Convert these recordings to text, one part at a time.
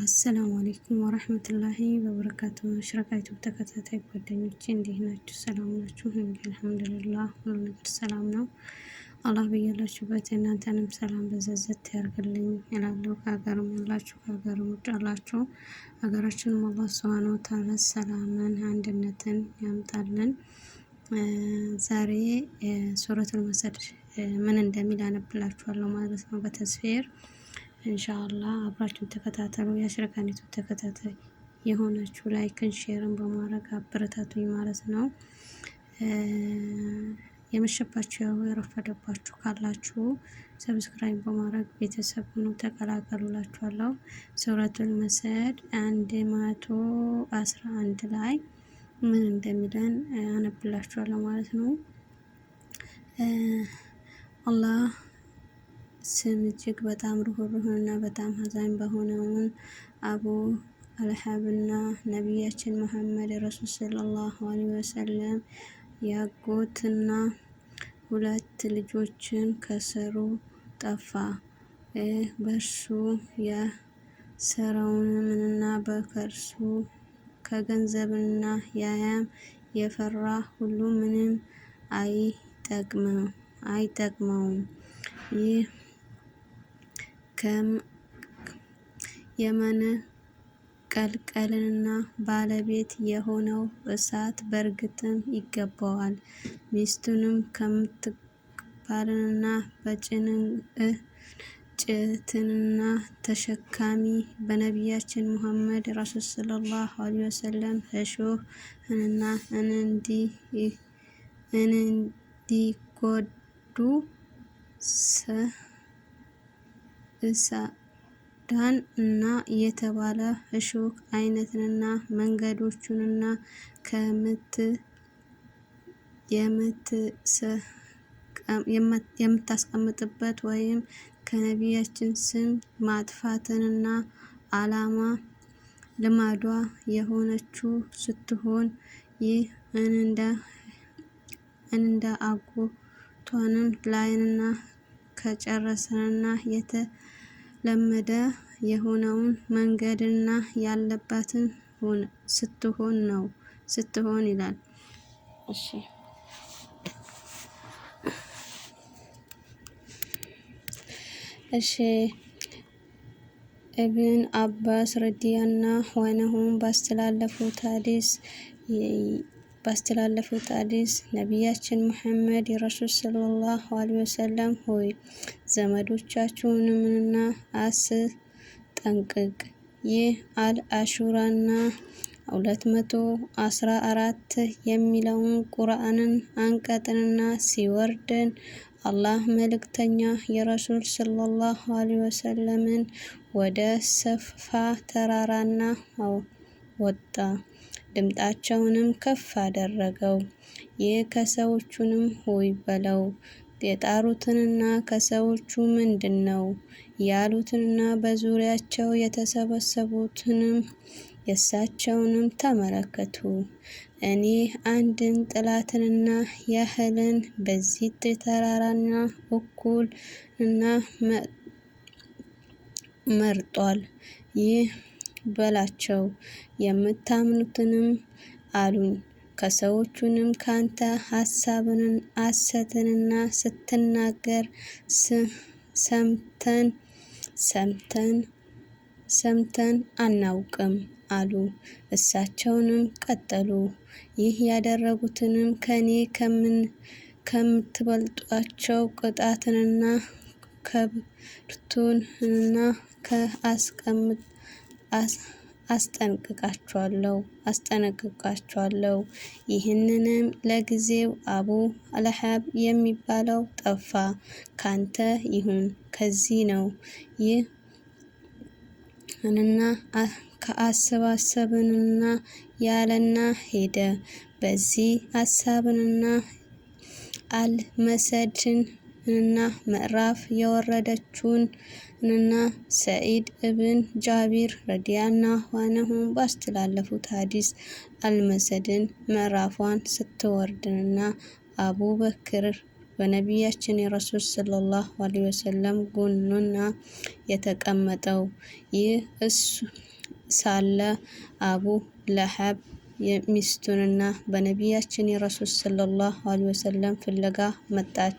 አሰላሙ አሌይኩም ወረህመቱላሂ በበረካቱ መሽረቃይቱ ተከታታይ ጓደኞቼ እንዴት ናችሁ? ሰላም ናችሁ? እንዲ አልሐምዱሊላህ ሁሉ ነገር ሰላም ነው። አላህ በያላችሁበት እናንተንም ሰላም በዘዘት ያርግልኝ እላለሁ። ከሀገርም ያላችሁ ከሀገርም ውጭ ያላችሁ ሀገራችንም አላህ ሱብሃነ ወተዓላ ሰላምን፣ አንድነትን ያምጣልን። ዛሬ ሱረቱል መሰድ ምን እንደሚል አነብላችኋለሁ ማለት ነው በተስፌር እንሻላ አብራችሁን ተከታተሉ። የአሽረካኒቱ ተከታታይ የሆነችው ላይክን ሼርን በማድረግ አበረታቱኝ ማለት ነው። የመሸባችሁ የረፈደባችሁ ካላችሁ ሰብስክራይብ በማድረግ ቤተሰብ ሆኖ ተቀላቀሉላችኋለሁ። ሱረቱል መሰድ አንድ መቶ አስራ አንድ ላይ ምን እንደሚለን አነብላችኋለሁ ማለት ነው። አላህ ስም እጅግ በጣም ርኅሩህና በጣም አዛኝ በሆነውን አቡ አልሀብና ነቢያችን መሐመድ ረሱል ሰለላሁ ዐለይሂ ወሰለም ያጎትና ሁለት ልጆችን ከሰሩ ጠፋ። በእርሱ ያሰረውንምና ከእርሱ ከገንዘብና ያያም የፈራ ሁሉ ምንም አይጠቅመውም። ይህ የመንቀልቀልና ባለቤት የሆነው እሳት በእርግጥም ይገባዋል። ሚስቱንም ከምትባልና በጭንጭትንና ተሸካሚ በነቢያችን ሙሐመድ ረሱል ሰለላሁ ዐለይሂ ወሰለም እሾህንና እንዲጎዱ ዳን እና የተባለ እሾክ አይነትንና መንገዶቹንና የምታስቀምጥበት ወይም ከነቢያችን ስም ማጥፋትንና አላማ ልማዷ የሆነችው ስትሆን ይህ እንደ አጎቷንም ላይንና ከጨረሰንና የተ ለመደ የሆነውን መንገድና ያለባትን ስትሆን ነው ስትሆን ይላል። እሺ እሺ ኢብን አባስ ረዲያና ሆነሁን ባስተላለፉት ሀዲስ ባስተላለፉት ሐዲስ ነቢያችን ሙሐመድ የረሱል ሰለላሁ ዐለይሂ ወሰለም ሆይ ዘመዶቻችሁንምና አስጠንቅቅ። ይህ አል አሹራና የሚለውን ቁርአንን አንቀጥንና ሲወርድን አላህ መልእክተኛ የረሱል ሰለላሁ ዐለይሂ ወሰለምን ወደ ሰፋ ተራራና ወጣ። ድምጣቸውንም ከፍ አደረገው። ይህ ከሰዎቹንም ሆይ በለው የጣሩትንና ከሰዎቹ ምንድን ነው ያሉትንና በዙሪያቸው የተሰበሰቡትንም የእሳቸውንም ተመለከቱ። እኔ አንድን ጥላትንና ያህልን በዚህ ተራራና እኩል እና መርጧል ይህ በላቸው የምታምኑትንም አሉኝ ከሰዎቹንም ካንተ ሀሳብንን አሰትንና ስትናገር ሰምተን ሰምተን ሰምተን አናውቅም አሉ። እሳቸውንም ቀጠሉ። ይህ ያደረጉትንም ከኔ ከምን ከምትበልጧቸው ቅጣትንና ከብቱንና ከአስቀምጥ አስጠንቅቃችኋለሁ አስጠነቅቃችኋለሁ። ይህንንም ለጊዜው አቡ አለሀብ የሚባለው ጠፋ፣ ካንተ ይሁን ከዚህ ነው። ይህ እና ከአሰባሰብንና ያለና ሄደ። በዚህ አሳብንና አልመሰድን እና ምዕራፍ የወረደችውን እና ሰዒድ እብን ጃቢር ረዲያላሁ አንሁ ባስተላለፉት ሀዲስ አልመሰድን ምዕራፏን ስትወርድንና አቡበክር በነቢያችን የረሱል ሰለላሁ ዐለይሂ ወሰለም ጎኑና የተቀመጠው ይህ እሱ ሳለ አቡ ለሀብ ሚስቱንና በነቢያችን የረሱል ሰለላሁ ዐለይሂ ወሰለም ፍለጋ መጣች።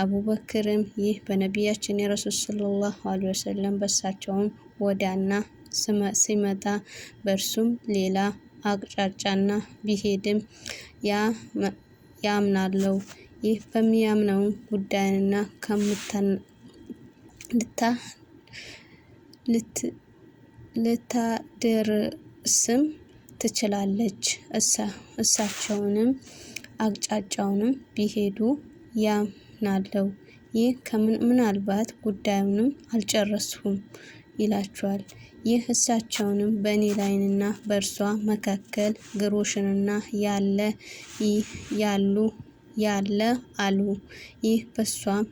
አቡበክርም ይህ በነቢያችን የረሱል ሰለላሁ ዐለይሂ ወሰለም በሳቸውም ወዳና ሲመጣ በእርሱም ሌላ አቅጫጫና ቢሄድም ያምናለው። ይህ በሚያምነው ጉዳይና ከምታ ልታደርስም ትችላለች። እሳቸውንም አቅጫጫውንም ቢሄዱ ያምናለው። ይህ ምናልባት ጉዳዩንም አልጨረስሁም ይላቸዋል። ይህ እሳቸውንም በእኔ ላይንና በእርሷ መካከል ግሮሽንና ያለ ያሉ ያለ አሉ። ይህ በእሷም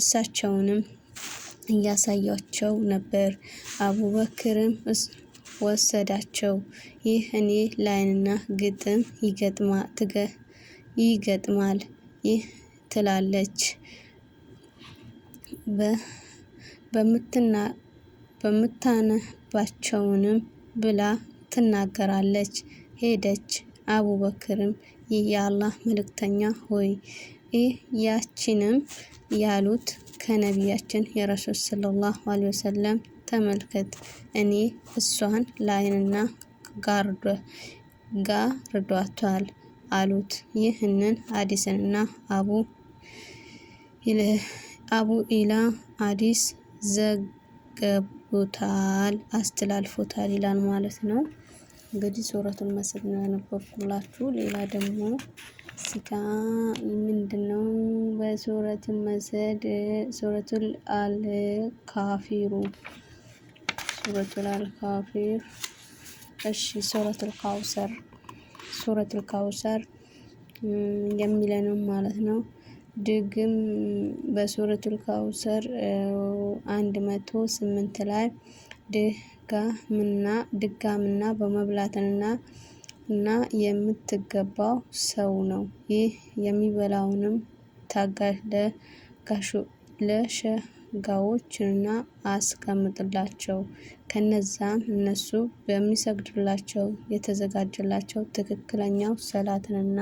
እሳቸውንም እያሳያቸው ነበር። አቡበክርም ወሰዳቸው። ይህ እኔ ላይንና ግጥም ይገጥማል ይህ ትላለች በምታነባቸውንም ብላ ትናገራለች። ሄደች። አቡበክርም የአላህ መልእክተኛ ሆይ ያችንም ያሉት ከነቢያችን የረሱል ሰለላሁ ዐለይሂ ወሰለም ተመልከት። እኔ እሷን ላይንና ጋርዷታል አሉት። ይህንን አዲስና አቡ አቡ ኢላ አዲስ ዘገቡታል አስተላልፎታል ይላል ማለት ነው። እንግዲህ ሱረቱን መስል ነው ያነበብኩላችሁ። ሌላ ደግሞ ሲካ ምንድነው? በሱረቱን መስል ሱረቱል አልካፊሩ ሱረቱል አልካፊር እሺ ሱረቱል ካውሰር ሱረቱል ካውሰር የሚለንም ማለት ነው። ድግም በሱረቱል ካውሰር አንድ መቶ ስምንት ላይ ድጋምና ድጋምና በመብላትና እና የምትገባው ሰው ነው። ይህ የሚበላውንም ታጋሽ ለጋሹ ለሸ ጋዎችና አስቀምጥላቸው ከነዛም እነሱ በሚሰግዱላቸው የተዘጋጀላቸው ትክክለኛው ሰላትንና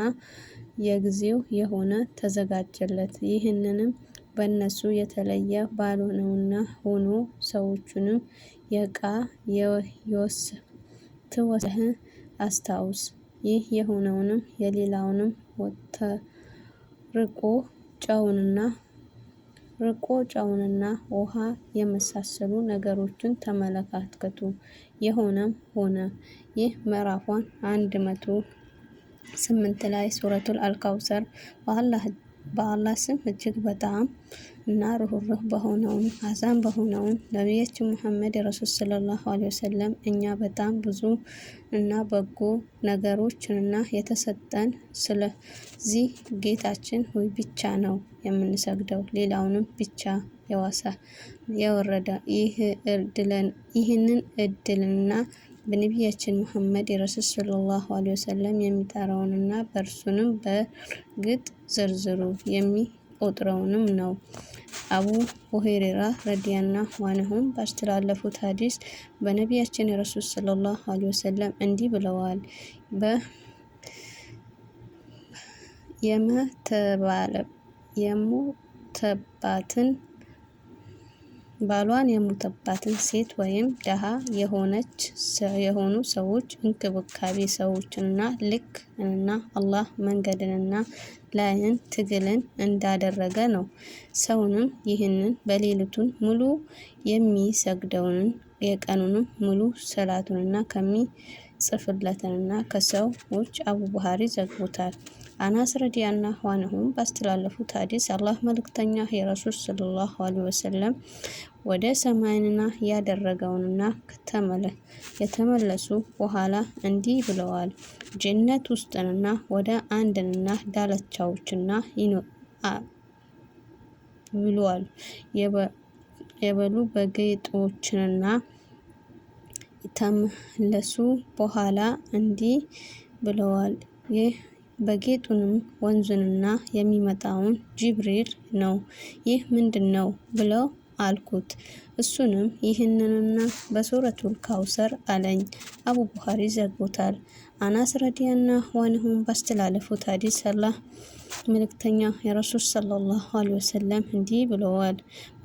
የጊዜው የሆነ ተዘጋጀለት። ይህንንም በእነሱ የተለየ ባልሆነውና ሆኖ ሰዎቹንም የወስ ትወስህ አስታውስ። ይህ የሆነውንም የሌላውንም ወተርቆ ጨውንና ርቆ ጨውንና ውሃ የመሳሰሉ ነገሮችን ተመለካከቱ። የሆነም ሆነ ይህ ምዕራፏን አንድ መቶ ስምንት ላይ ሱረቱል አልካውሰር በአላህ ስም እጅግ በጣም እና ሩህሩህ በሆነውን አዛን በሆነውን ነቢያችን ሙሐመድ ረሱል ሰለላሁ ዐለይሂ ወሰለም እኛ በጣም ብዙ እና በጎ ነገሮችንና የተሰጠን ስለዚህ ጌታችን ሆይ ብቻ ነው የምንሰግደው ሌላውንም ብቻ የዋሳ የወረደ ይህንን እድልና በነቢያችን ሙሐመድ የረሱል ሰለላሁ ዐለይሂ ወሰለም የሚጠራውንና በእርሱንም በእርግጥ ዝርዝሩ የሚ ቆጥረውንም ነው። አቡ ሁሬራ ረዲያላሁ አንሁም ባስተላለፉት ሀዲስ በነቢያችን ረሱል ሰለላሁ ዐለይሂ ወሰለም እንዲህ ብለዋል። የመተባትን ባሏን የሞተባትን ሴት ወይም ደሃ የሆነች የሆኑ ሰዎች እንክብካቤ ሰዎችንና ልክ እና አላህ መንገድንና ላይን ትግልን እንዳደረገ ነው። ሰውንም ይህንን በሌሊቱን ሙሉ የሚሰግደውንን የቀኑንም ሙሉ ሰላቱንና ከሚጽፍለትንና ከሰው ውጭ አቡ ባህሪ ዘግቦታል። አናስ ረዲያላሁ አንሁ ባስተላለፉት ሀዲስ አላህ መልእክተኛ የረሱል ሰለላሁ ዐለይሂ ወሰለም ወደ ሰማይንና ያደረገውንና የተመለሱ በኋላ እንዲህ ብለዋል። ጀነት ውስጥንና ወደ አንድንና ዳለቻዎችና ብሏል የበሉ በጌጦችንና ተመለሱ በኋላ እንዲህ ብለዋል። በጌጡንም ወንዙንና የሚመጣውን ጅብሪል ነው። ይህ ምንድን ነው ብለው አልኩት። እሱንም ይህንንና በሱረቱል ካውሰር አለኝ። አቡ ቡኻሪ ዘግቦታል። አናስ ረዲያና ዋንሁም ባስተላለፉት ሀዲስ አላህ መልእክተኛ የረሱል ሰለላሁ ዐለይሂ ወሰለም እንዲህ ብለዋል።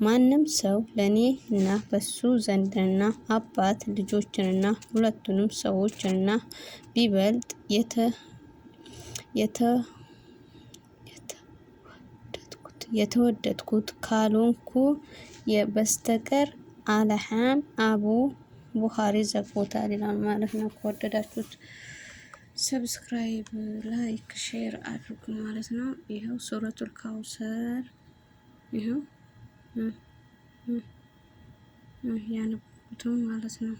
ማንም ሰው ለእኔ እና በሱ ዘንድና አባት ልጆችንና ሁለቱንም ሰዎችንና ቢበልጥ የተ የተወደድኩት ካልሆንኩ በስተቀር አለሃን አቡ ቡኻሪ ዘግቦታል ይላል ማለት ነው። ከወደዳችሁት ሰብስክራይብ፣ ላይክ፣ ሼር አድርጉ ማለት ነው። ይኸው ሱረቱል ካውሰር ይኸው ያነቡትም ማለት ነው።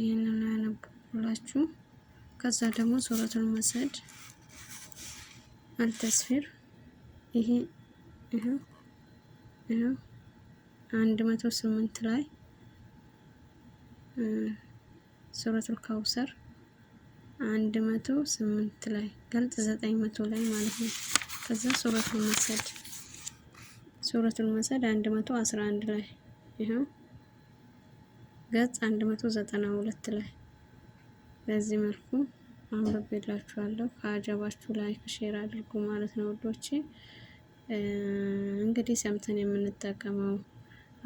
ይህንን ያነቡላችሁ ከዛ ደግሞ ሱረቱን መሰድ አልተስፊር ይሄ አንድ መቶ ስምንት ላይ ሱረቱል ካውሰር አንድ መቶ ስምንት ላይ ገልጽ ዘጠኝ መቶ ላይ ማለት ነው። ከዛ ሱረቱል መሰድ ሱረቱል መሰድ አንድ መቶ አስራ አንድ ላይ ይኸው ገጽ አንድ መቶ ዘጠና ሁለት ላይ በዚህ መልኩ አንብቤላችኋለሁ። ከአጀባችሁ ላይክ ሼር አድርጉ ማለት ነው ውዶቼ። እንግዲህ ሰምተን የምንጠቀመው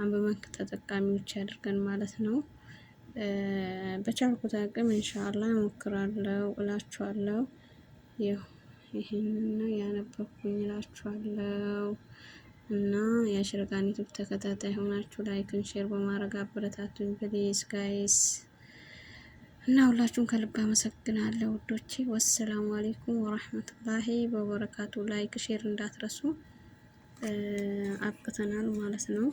አንብበን ተጠቃሚዎች ያድርገን ማለት ነው። በቻልኩት አቅም እንሻላ እሞክራለሁ እላችኋለሁ። ይኸው ይህንን ያነበብኩኝ እላችኋለሁ። እና የአሽረጋን ዩቱብ ተከታታይ ሆናችሁ ላይክን ሼር በማድረግ አበረታቱኝ ፕሊዝ ጋይስ። እና ሁላችሁም ከልብ አመሰግናለሁ ውዶቼ። ወሰላሙ አሌይኩም ወራህመቱላሂ ወበረካቱ። ላይክ ሼር እንዳትረሱ። አብቅተናል ማለት ነው።